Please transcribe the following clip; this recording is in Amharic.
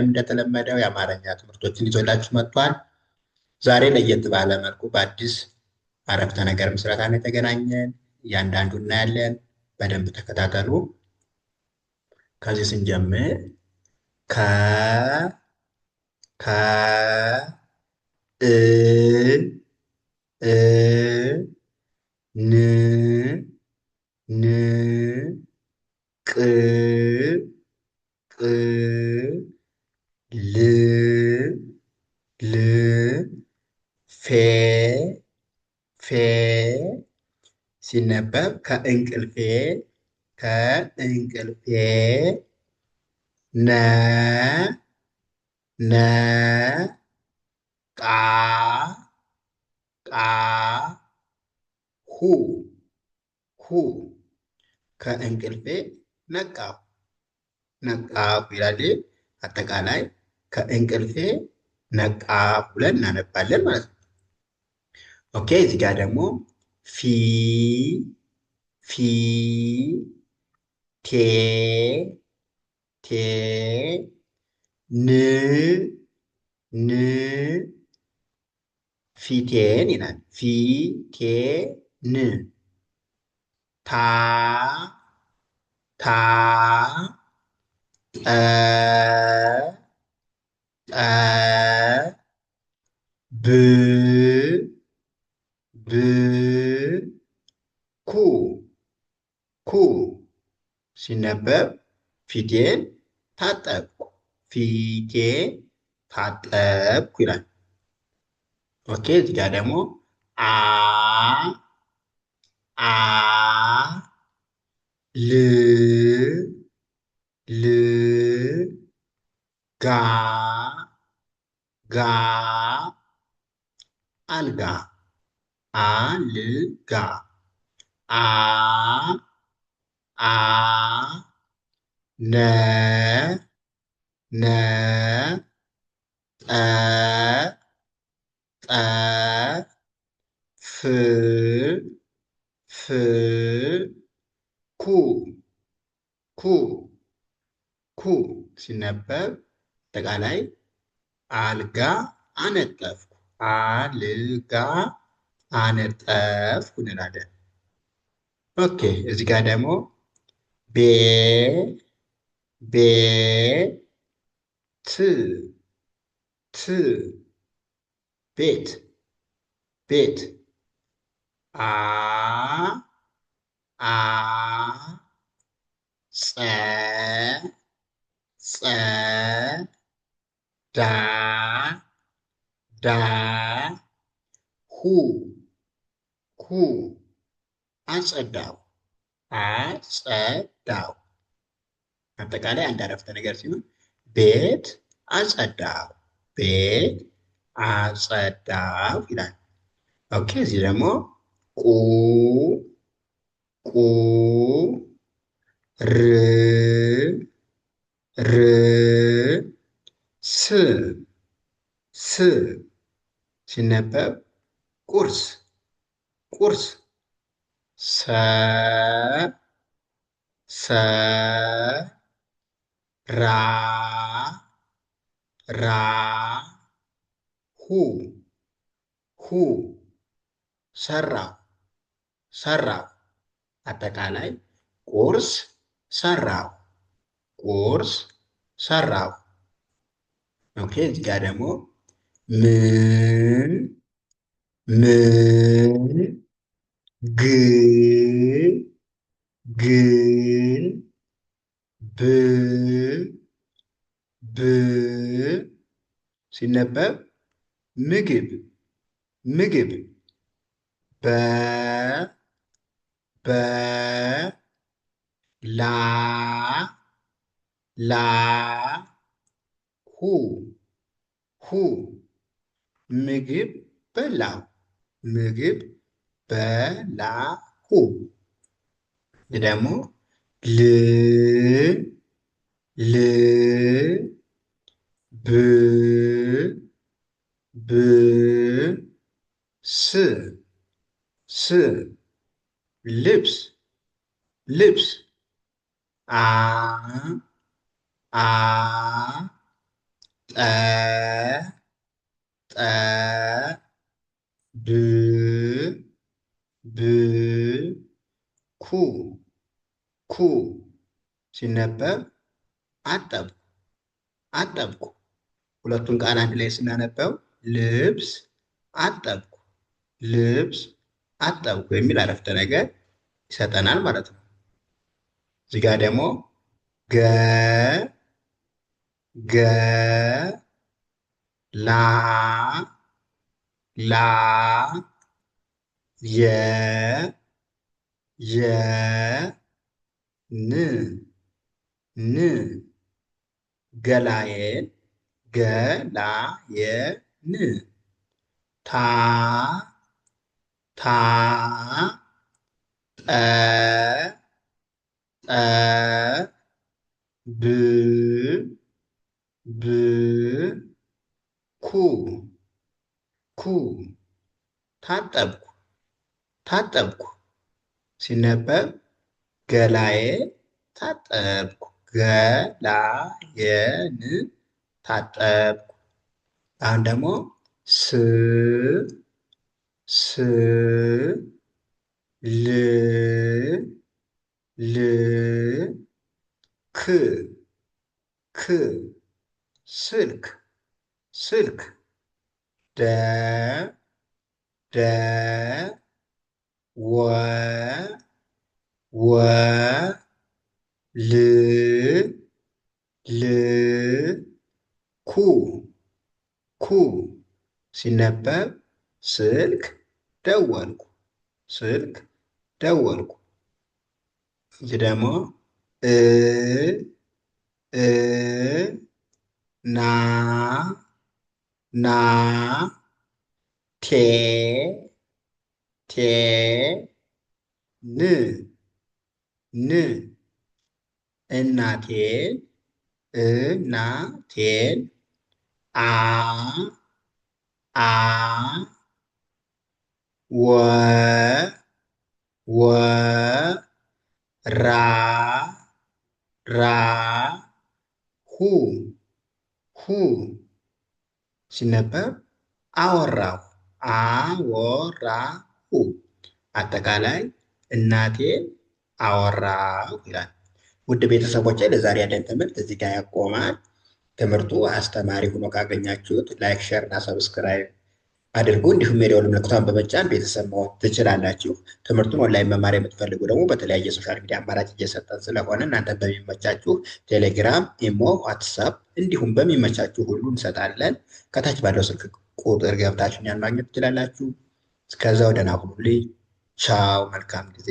ዛሬም እንደተለመደው የአማርኛ ትምህርቶችን ይዞላችሁ መጥቷል። ዛሬ ለየት ባለ መልኩ በአዲስ አረፍተ ነገር ምስረታ ነው የተገናኘን። እያንዳንዱ እናያለን። በደንብ ተከታተሉ። ከዚህ ስንጀምር ከ ል ል ፌ ፌ ሲነበብ ከእንቅልፌ ከእንቅልፌ ነ ነ ቃ ቃ ሁ ሁ ከእንቅልፌ ነቃሁ ነቃሁ ይላል። አጠቃላይ ከእንቅልፌ ነቃ ብለን እናነባለን ማለት ነው። ኦኬ እዚህ ጋር ደግሞ ፊ ፊ ቴ ቴ ን ን ፊቴን ይላል። ን ታ ታ ጠ ጠ ብ ብ ኩ ኩ ሲነበብ ፊቴን ታጠብኩ ፊቴን ታጠብኩ ይላል። ኦኬ እዚህ ጋር ደግሞ አ አ ል ል ጋ ጋ አልጋ አልጋ አ አ ነ ነ ጠ ጠ ፍ ፍ ኩ ኩ ኩ ሲነበብ አጠቃላይ አልጋ አነጠፍኩ አልጋ አነጠፍኩ እንላለን። ኦኬ እዚህ ጋር ደግሞ ቤ ቤ ት ት ቤት ቤት አ አ ጸ ጸ ዳ ዳ ሁ ሁ አጸዳው አጸዳው አጠቃላይ አንድ አረፍተ ነገር ሲሆን ቤት አጸዳው ቤት አጸዳው ይላል። ኦኬ እዚህ ደግሞ ቁ ቁ ር ር ስ ስ ሲነበብ ቁርስ ቁርስ ሰ ሰ ራ ራ ሁ ሁ ሰራው ሰራ አጠቃላይ ቁርስ ሰራው ቁርስ ሰራው ኦኬ እዚህ ጋር ደግሞ ምን ምን ግ ግ ብ ብ ሲነበብ ምግብ ምግብ በ በ ላ ላ ሁ ሁ ምግብ በላሁ ምግብ በላሁ ደግሞ ል ል ብ ብ ስ ስ ልብስ ልብስ አ አ ጠ ጠ ብ ብ ኩ ኩ ሲነበብ አጠብኩ አጠብኩ። ሁለቱን ቃል አንድ ላይ ስናነበው ልብስ አጠብኩ ልብስ አጠብኩ የሚል አረፍተ ነገር ይሰጠናል ማለት ነው። እዚህ ጋ ደግሞ ገ ገ ላ ላ የ የ ን ን ገላዬን ገላዬን ታ ታ ጠ ጠ ብ ብ ኩ ኩ ታጠብኩ ታጠብኩ ሲነበብ ገላዬ ታጠብኩ ገላዬን ታጠብኩ። አሁን ደግሞ ስ ስ ል ል ክ ስልክ ደ ደ ወ ወ ል ል ኩ ኩ ሲነበብ ስልክ ደወልኩ ስልክ ደወልኩ። እዚህ ደግሞ እ እ ና ና ቴ ቴ ን ን እናቴን እናቴን አ አ ወ ወ ራ ራ ሁ ሁ ሲነበብ አወራሁ አወራሁ አጠቃላይ እናቴን አወራሁ ይላል። ውድ ቤተሰቦች ለዛሬ ያለን ትምህርት እዚህ ጋር ያቆማል። ትምህርቱ አስተማሪ ሆኖ ካገኛችሁት ላይክ፣ ሸር እና ሰብስክራይብ አድርጉ። እንዲሁም የደወል ምልክቷን በመጫን ቤተሰብ መሆን ትችላላችሁ። ትምህርቱን ኦንላይን መማር የምትፈልጉ ደግሞ በተለያየ ሶሻል ሚዲያ አማራጭ እየሰጠን ስለሆነ እናንተ በሚመቻችሁ ቴሌግራም፣ ኢሞ፣ ዋትሳፕ እንዲሁም በሚመቻችሁ ሁሉ እንሰጣለን። ከታች ባለው ስልክ ቁጥር ገብታችሁ እኛን ማግኘት ትችላላችሁ። እስከዛው ደህና ሁኑልኝ። ቻው፣ መልካም ጊዜ